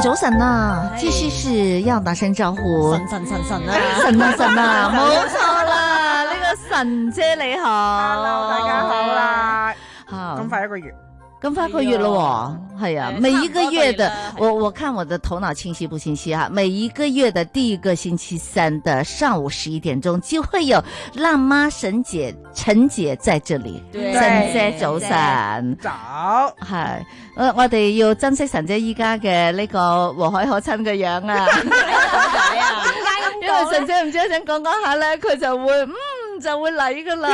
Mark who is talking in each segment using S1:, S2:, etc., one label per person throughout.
S1: 早晨啊，即係要打聲招呼。晨晨晨晨啊，晨 啊晨啊，冇錯 啦，呢 個晨姐你好，hello，大家好啦，吓，咁快一個月。咁返個月咯喎，係啊，每一個月的，個月的我，我看我的頭腦清晰不清晰啊的每一個月的第一個星期三的上午十一點鐘就會有辣媽、神姐、陳姐在這裏。對，神姐早晨
S2: 早，
S1: 嗨，我我哋要珍惜神姐依家嘅呢個和藹可親嘅樣啊。
S3: 因
S1: 為神姐唔知我想講講下咧，佢就會嗯。就會嚟噶啦！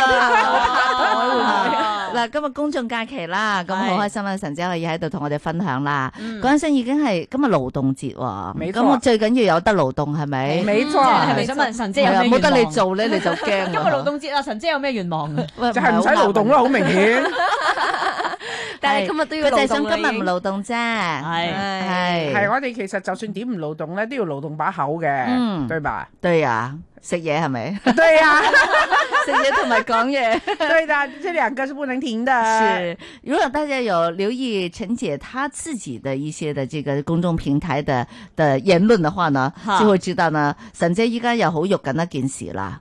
S1: 嗱，今日公眾假期啦，咁好開心啊！神姐可以喺度同我哋分享啦。講真，已經係今日勞動節喎，咁我最緊要有得勞動係咪？冇錯，係咪想問神姐有冇得你做咧？你就驚今日勞動
S4: 節啊！神姐有咩願望？
S2: 就係唔使勞動啦，好明顯。但係今日都要就係想今日唔勞動啫，係係係我哋其實就算點唔勞動咧，都要勞動把口嘅，嗯、對吧？
S1: 對啊，食嘢係咪？
S2: 對啊，食嘢同埋講嘢。
S1: 對的，這兩個是不能停的。是，如果大家有留意陳姐她自己的一些的這個公眾平台的的言論的話呢，是就會知道呢，陳姐依家又好喐緊一件事啦。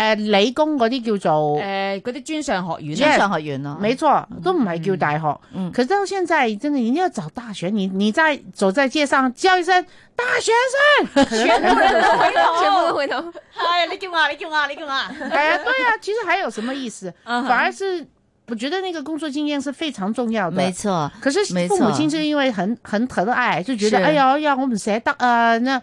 S2: 誒、呃，理工嗰啲叫做誒，嗰啲專上學院，專 Yeah, 上學院咯、啊，沒錯，都唔係叫大學。可是、嗯、到現在真的一定要找大學，你你在走在街上叫一聲大學生，全，都回頭 全部都回頭，全部都回
S4: 頭。哎呀，你叫我，你叫我，你叫我。哎呀，對呀、啊， 其
S2: 實還有什麼意思？反而是我覺得那個工作經驗是非常重要的。的沒錯錯，可是父母親正因為很很疼愛，就覺得是哎呀哎呀，我唔捨得啊，那。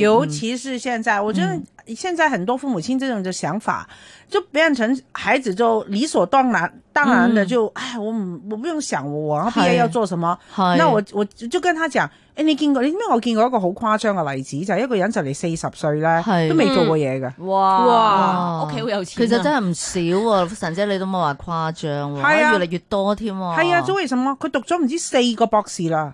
S2: 尤其是現在，我覺得現在很多父母親這種的想法，就變成孩子就理所當然當然的就，唉，我唔我唔用想我啊，畢業要做什麼？那我我就跟他講，誒，你見過你知唔知我見過一個好誇張嘅例子，就係一個人就嚟四十歲咧，都未做過嘢嘅。哇哇，屋企好有錢。其實真係
S1: 唔少啊，神姐你都冇話誇張，係啊，越嚟越
S2: 多添。係啊，做為什麼？佢讀咗唔知四個博士啦。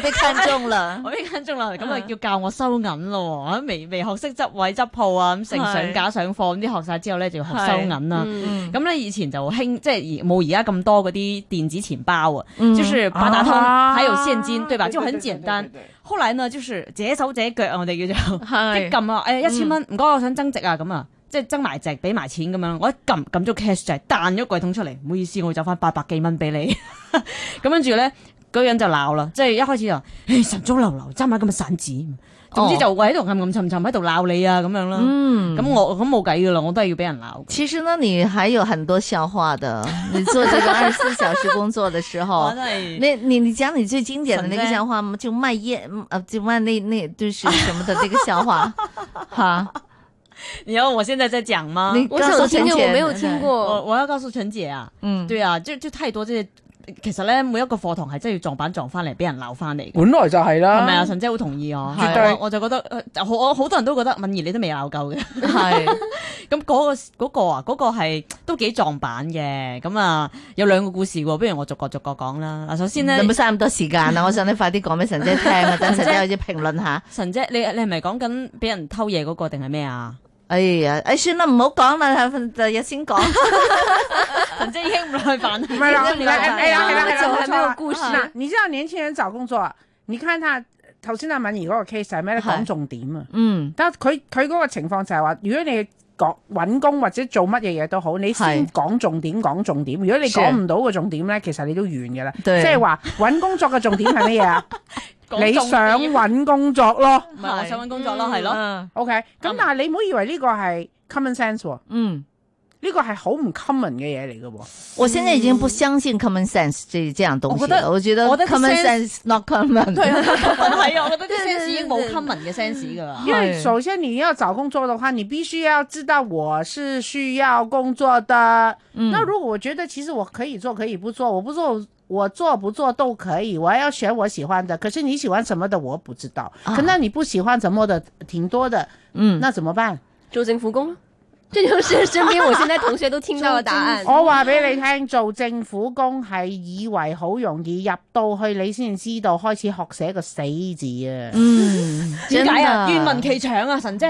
S3: 逼分鐘啦，我
S4: 逼分鐘啦，咁啊要教我收銀咯，我未未學識執位執鋪啊，咁成上架上課，咁啲學晒之後咧就要學收銀啦。咁咧以前就興，即係冇而家咁多嗰啲電子錢包啊，就是八達通，喺用現金，對吧？就很簡單。後來呢，就是自己手自己腳啊，我哋叫做啲撳啊，誒一千蚊，唔該，我想增值啊，咁啊，即係增埋值，俾埋錢咁樣。我一撳撳咗 cash 就嚟，彈咗櫃桶出嚟，唔好意思，我會走翻八百幾蚊俾你。咁跟住咧。嗰人就鬧啦，即係一開始就，神中流流揸埋咁嘅散紙，
S2: 總之就
S4: 喺度暗暗沉沉喺度鬧你
S1: 啊咁樣啦。咁我咁冇計噶啦，我都係要俾人鬧。其實呢，你還有很多笑話的。 你做這個二十四小時工作的時候， 你你你講你最經典的那個笑話，就賣煙，就賣、啊、那那就是什麼的這個笑話。
S4: 哈你要我現在再講嗎？我告訴陳姐，我，我沒有聽過。嗯、我我要告訴陳姐啊，嗯，對啊，就就太多這些。其實咧每一個課堂係真係要撞板撞翻嚟，俾人鬧翻嚟。本來就係啦，係咪啊？神姐好同意我，絕對我，我就覺得，我，我好多人都覺得敏儀你都未鬧夠嘅。係咁嗰個嗰、嗰個啊，嗰、嗰個係都幾撞板嘅。咁啊有兩個故事喎、啊，不如我逐個逐個講啦。首先咧，有冇嘥咁
S1: 多時間啊？ 我想你快啲講俾神姐聽啊，等神姐有啲
S4: 評論下。神姐，你你係咪講緊俾人偷嘢嗰、
S1: 嗰個定係咩啊？哎呀，哎算啦，唔好講啦，第日先講，即係已經唔
S2: 耐煩啦。唔係， 你你你你做係咩故事？你知道年輕人找工作啊？你看下頭先阿敏儀嗰個 case 係咩咧？講重點啊！嗯，但佢佢嗰個情況就係、是、話，如果你講搵工或者做乜嘢嘢都好，你先講重點，是講重點。如果你講唔到個重點咧，其實你都完噶啦。是即係話搵工作嘅重點係咩嘢啊？
S4: 你想
S2: 揾工作咯，唔係，你想揾工作咯，係咯，嗯，OK。咁但係你唔好以為呢個係 common sense 喎，嗯。呢個係好唔 common 嘅嘢嚟嘅，我
S1: 現在已經不相信 common sense 這這樣東西我覺得，得，得 common sense not common，對啊。
S2: 有，我覺得啲 sense 已經冇 common
S4: 嘅 sense 噶。因為首
S2: 先你要找工作嘅話，你必須要知道我是需要工作的。嗯，那如果我覺得其實我可以做，可以不做，我不做，我做不做都可以，我還要選我喜歡的。可是你喜歡什麼的我不知道，啊，可那你不喜歡什麼的，挺多的，嗯，那怎麼辦？做政府工。
S3: 這就是身邊我現在同學都聽到的答案 真。我話
S2: 俾你聽， 做政府工係以為好容易入到去，你先知道開始學寫個死字啊！嗯，點解啊？願
S4: 聞其詳啊！神姐，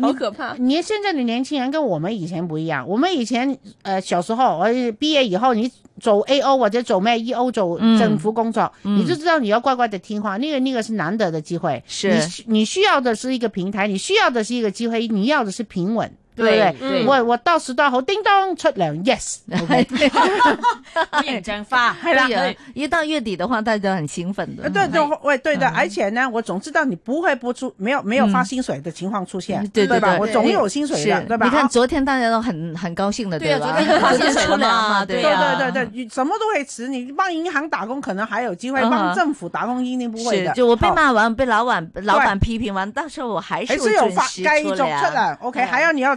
S2: 好可怕好！你現在的年輕人跟我們以前唔一樣。我們以前呃小時候，我畢業以後你做 A O 或者做咩 E O，做、嗯、做政府工作，嗯、你就知道你要乖乖的聽話。那個那個是難得的機會，是你，你需要的是一個平台，你需要的是一個機會，你，要的，會你要的是平穩。對，我我到時到候叮當出糧
S4: ，yes，ok，係啦，
S2: 一到月底的話，大家都很興奮的。對，對，喂，對的，而且呢，我總知道你不會不出，沒有沒有發薪水的情況出現，對吧？我總有薪水的，對吧？你看昨
S1: 天大家都很很高興的，對吧？發薪水對啊，對對對
S2: 對，什麼都會遲，你幫銀行打工可能還有機會，幫政府打工一定不會的。就我被罵完，被老闆老闆批
S1: 評完，到時候我還是有會繼
S2: 續出來 OK 還要你要。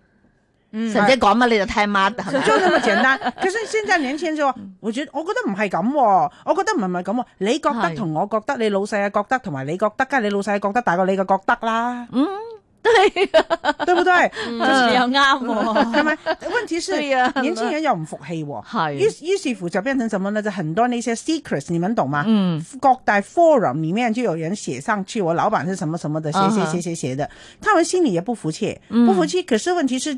S2: 神姐講乜你就聽乜，就咁簡單。其實現在年輕人就話，我覺得唔係咁，我覺得唔係唔係咁。你覺得同我覺得，你老細啊覺得同埋你覺得，梗係你老細覺得大過你嘅覺得啦。嗯，對，對不對？就算又啱，係咪？問題是年輕人又唔服氣，係。於於是乎就變成什麼呢？就很多那些 secrets，你們懂嗎？嗯，各大 forum 裏面就有人寫上去，我老闆是什麼什麼的，寫寫寫寫寫的，他們心裏也不服氣，不服氣。可是問題是。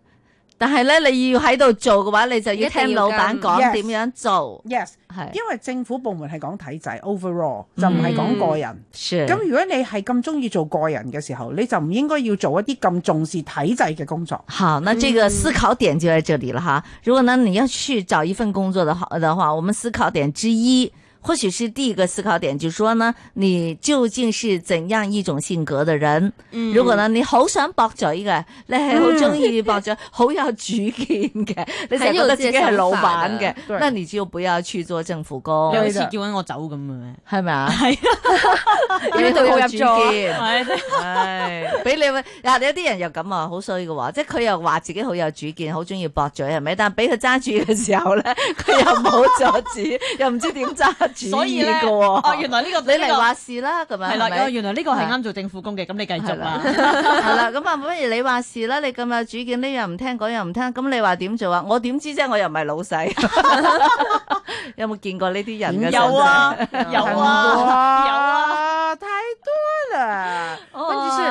S2: 但係咧，你要喺度做嘅話，你就要聽老闆講點樣做。Yes，係，因為政府部門係講體制，overall 就唔係講個人。咁、嗯、如果你係咁中意做個人嘅時候，你就唔應該要做一啲咁重視體制嘅工作。好，那這個思考點就在這裏啦。哈，
S1: 如果呢，你要去找一份工作的好的話，我們思考點之一。或許是第一個思考點，就說呢，你究竟是怎樣一種性格嘅人？如果呢，你好想駁嘴嘅，你係好中意駁嘴，好有主見嘅，你成日覺得自己係老闆嘅，那你就不要去做政府工，好似叫緊我走咁嘅，咩？係咪啊？係，因為好有主見，係，唉，俾你會，有啲人又咁啊，好衰嘅話，即係佢又話自己好有主見，好中意駁嘴，係咪？但係俾佢揸住嘅時候咧，佢又冇阻止，又唔知點揸。所以呢個，哦，原來呢個你嚟話事
S4: 啦，咁樣係啦。哦，原來呢個係啱做政府工嘅，咁你繼續啊，係啦，
S1: 咁啊，不如你話事啦。你咁有主見呢樣唔聽，嗰樣唔聽，咁你話點做啊？我點知啫？我又唔係老細，有冇見過呢啲人？有啊，有啊，
S4: 有啊，
S2: 太多了。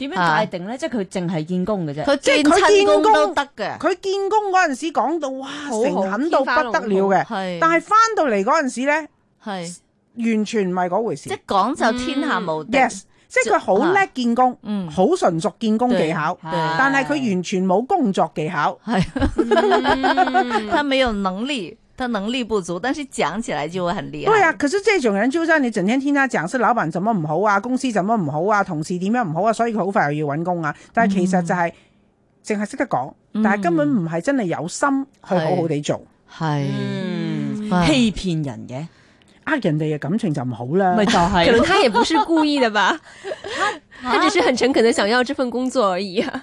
S2: 點樣界
S1: 定咧？即係佢淨係見工嘅啫，
S4: 即係佢見工得嘅。佢
S2: 見工嗰陣時講到哇，誠懇到不得了嘅。係，但係翻到嚟嗰陣時咧，係完全唔係嗰回事。即係講就天下無敵。Yes，即係佢好叻見工，嗯，好純熟見工技巧，但係佢完全冇工作技巧。
S1: 係，佢係咪有能力？他能力不足，但是講起來就會很厲害。對啊，
S2: 可是這種人就讓你整天聽他講，是老闆怎麼唔好啊，公司怎麼唔好啊，同事點樣唔好啊，所以佢好快又要搵工啊。但係其實就係淨係識得講，但係根本唔係真係有心去好好地做，係欺、嗯嗯、騙人嘅，呃 人哋嘅感情就唔好啦。咪就係、是， 可能他
S3: 也不是故意的吧， 啊、他只是很誠懇地想要這份工作而已、啊。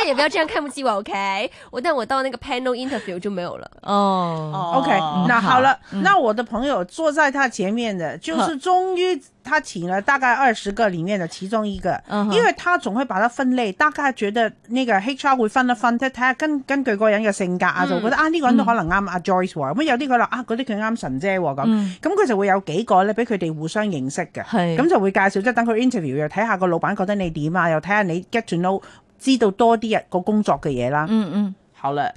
S3: 但也不要這樣看不起我，OK？我但我到那個 panel interview 就沒有了
S2: 哦。OK，那好了，那我的朋友坐在他前面的，就是終於他請了大概二十個裏面的其中一個，因為他總會把他分類，大家覺得那個 HR 會分一分，即睇下根根據個人嘅性格啊，就覺得啊呢個人都可能啱阿 Joyce 喎，咁有啲佢話啊嗰啲佢啱神姐咁，咁佢就會有幾個咧俾佢哋互相認識嘅，咁就會介紹即係等佢 interview，又睇下個老闆覺得你點啊，又睇下你 get to know。知道多啲個工作嘅嘢啦。嗯嗯，好啦，呢、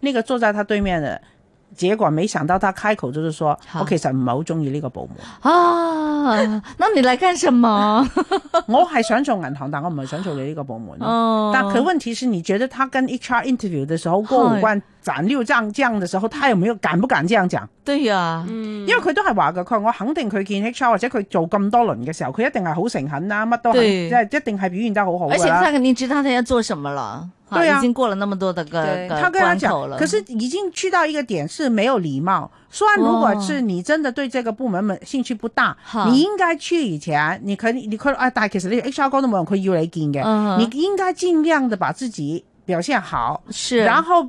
S2: 那個坐在他對面嘅，結果沒想到他開口就是說、啊、我其實唔係好中意呢個部門。啊，
S1: 那你嚟幹什麼？
S2: 我係想做銀行，但我唔係想做你呢個部門。哦、但係佢問題是你覺得他跟 HR interview 的時候過五關？斬六將這樣的時候，他有沒有敢不敢這樣講？對呀，嗯、因為佢都係話過，佢我肯定佢見 HR 或者佢做咁多輪嘅時候，佢一定係好誠懇啊，乜都係對一定係表現得好好。而且他肯定知道他要做什麼了對啊，已經過
S1: 了那麼多的個，對個了他跟他講，可是
S2: 已經去到一個點，是沒有禮貌。雖然如果是你真的對這個部門興趣不大，哦、你應該去以前，你可以你可以、啊、但其實你 HR 嗰度冇人可以要你見嘅，嗯、哼你應該盡量的把自己表現好，是，然後。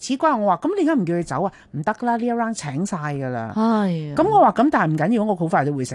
S2: 此瓜我話咁點解唔叫佢走啊，唔得啦呢一 round 請晒噶啦，咁我話咁但係唔緊要，我好是的 快都會死。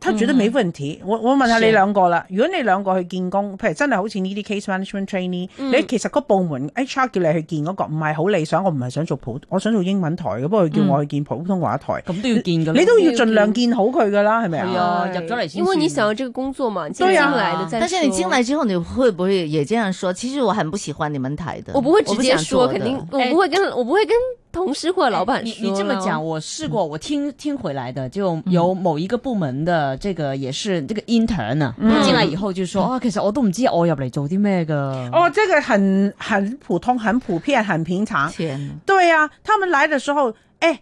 S2: 他絕對沒問題。我我問下你兩個啦。如果你兩個去見工，譬如真係好似呢啲 case management trainee，你其實個部門，HR 叫你去見嗰個，唔係好理想。我唔係想做普，我想做英文台嘅，不過佢叫我去見普通話台。咁都
S1: 要見
S4: 㗎，你都要盡量
S2: 見好佢㗎啦，係咪啊？入咗嚟先。因為你
S3: 想要這個工作嘛，你先嚟的。但是你進來
S1: 之後，你會不會也這樣說？其實我很不喜歡你們台的。
S4: 我不會直接說，肯定
S3: 我不會跟我不會跟。同事或老闆，你你這麼講，
S4: 我試過，我聽、嗯、聽，聽回來的，就有某一個部門的這個也是這個 intern，
S2: 佢、啊嗯、進來以後就說啊、嗯哦，其實我都唔知道我入嚟做啲咩噶。哦，這個很很普通、很普遍、很平常。天哪。對啊，他們來的時候，誒、呢、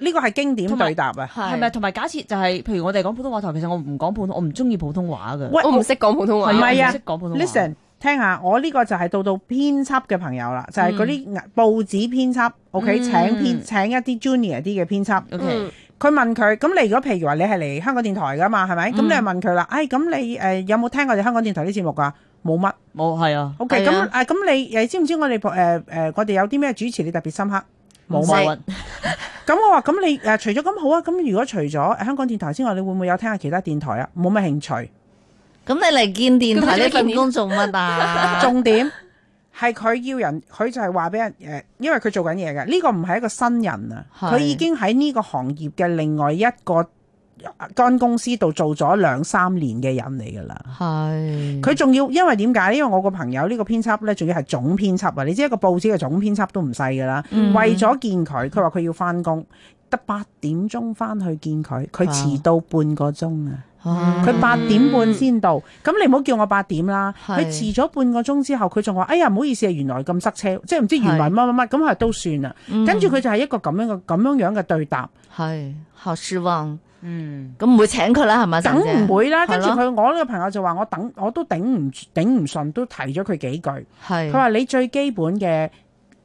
S2: 這個係經典對答啊，係咪？同埋假設就係、是，譬如我哋講普通話頭，其實我唔講普通，我唔中意普通話噶，我唔識講普通話。唔係啊，listen。聽下，我呢個就係到到編輯嘅朋友啦，就係嗰啲報紙編輯，OK，請編請一啲 junior 啲嘅編輯，佢 Okay 問佢，咁你如果譬如話你係嚟香港電台噶嘛，係咪？咁、嗯、你就問佢啦，哎，咁你誒有冇聽我哋香港電台啲節目噶？冇乜，冇係、哦、啊，OK，咁誒咁你誒知唔知我哋誒誒我哋有啲咩主持你特別深刻？冇乜。行」咁 我話咁你誒除咗咁好啊，咁如果除咗香港電台之外，你會唔會有聽下其他電台啊？冇乜興趣。咁你嚟見電台呢份工做乜啊？ 重點係佢要人，佢就係話俾人誒，因為佢做緊嘢嘅，呢、這個唔係一個新人啊，佢，是已經喺呢個行業嘅另外一個間公司度做咗兩三年嘅人嚟噶啦。係佢仲要，因為點解？因為我個朋友呢個編輯咧，仲要係總編輯啊。你知一個報紙嘅總編輯都唔細噶啦。嗯、為咗見佢，佢話佢要翻工，得八點鐘翻去見佢，佢遲到半個鐘啊。佢八點半先到，咁、嗯、你唔好叫我八點啦。佢是遲咗半個鐘之後，佢仲話：哎呀，唔好意思啊，原來咁塞車，即係唔知原來乜乜乜。咁係都算啦。跟住佢就係一個咁樣嘅咁樣樣嘅對答。係，好失望，嗯，咁唔、嗯、會請佢啦，係咪？梗唔會啦。跟住佢，我呢個朋友就話：我等我都頂唔頂唔順，都提咗佢幾句。係是，佢話你最基本嘅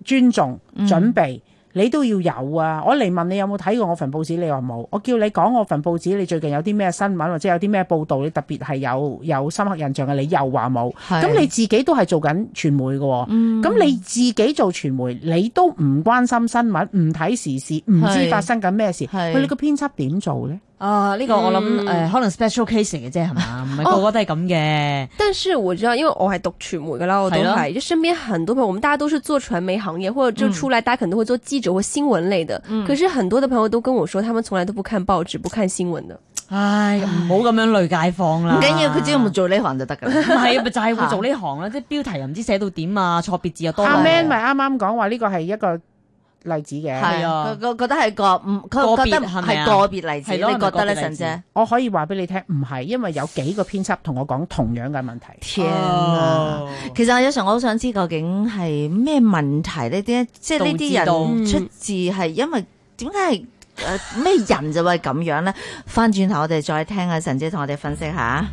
S2: 尊重、嗯、準備。你都要有啊！我嚟問你有冇睇過我份報紙？你話冇。我叫你講我份報紙，你最近有啲咩新聞或者有啲咩報道？你特別係有有深刻印象嘅，你又話冇。咁是你自己都係做緊傳媒喎、啊。咁、嗯、你自己做傳媒，你都唔關心新聞，唔睇時事，唔知發生緊咩事，佢你個編輯點做呢？
S4: 啊！呢個我諗誒，可能 special case 嘅啫，係嘛？唔係個個
S3: 都係咁嘅。但是我知道，因為我係讀傳媒㗎啦，
S4: 我都係，就
S3: 身邊很多朋友，我們大家都是做傳媒行業，或者就出嚟，大家可能都會做記者或新聞類的。可是很多的朋友都跟我說，他們從來都不看報紙，不看新聞的。唉，唔好咁樣類解放啦！唔緊要，佢只要唔做呢行就得㗎。唔係咪就係會做呢
S4: 行啦，即係標題又唔知寫到
S2: 點啊，錯別字又多。阿 Man 咪啱啱講話呢個係一個。例子嘅，係啊，佢覺覺得係個唔，佢覺得係個別例子，你覺得咧，神姐？我可以話俾你聽，唔係，因為有幾個編輯同我講同樣嘅問題。聽啊，哦、其實有時我好
S1: 想知道究竟係咩問題呢啲即係呢啲人出自係因為點解係誒咩人就會咁樣咧？翻轉 頭我哋再聽下神姐同我哋分析一下。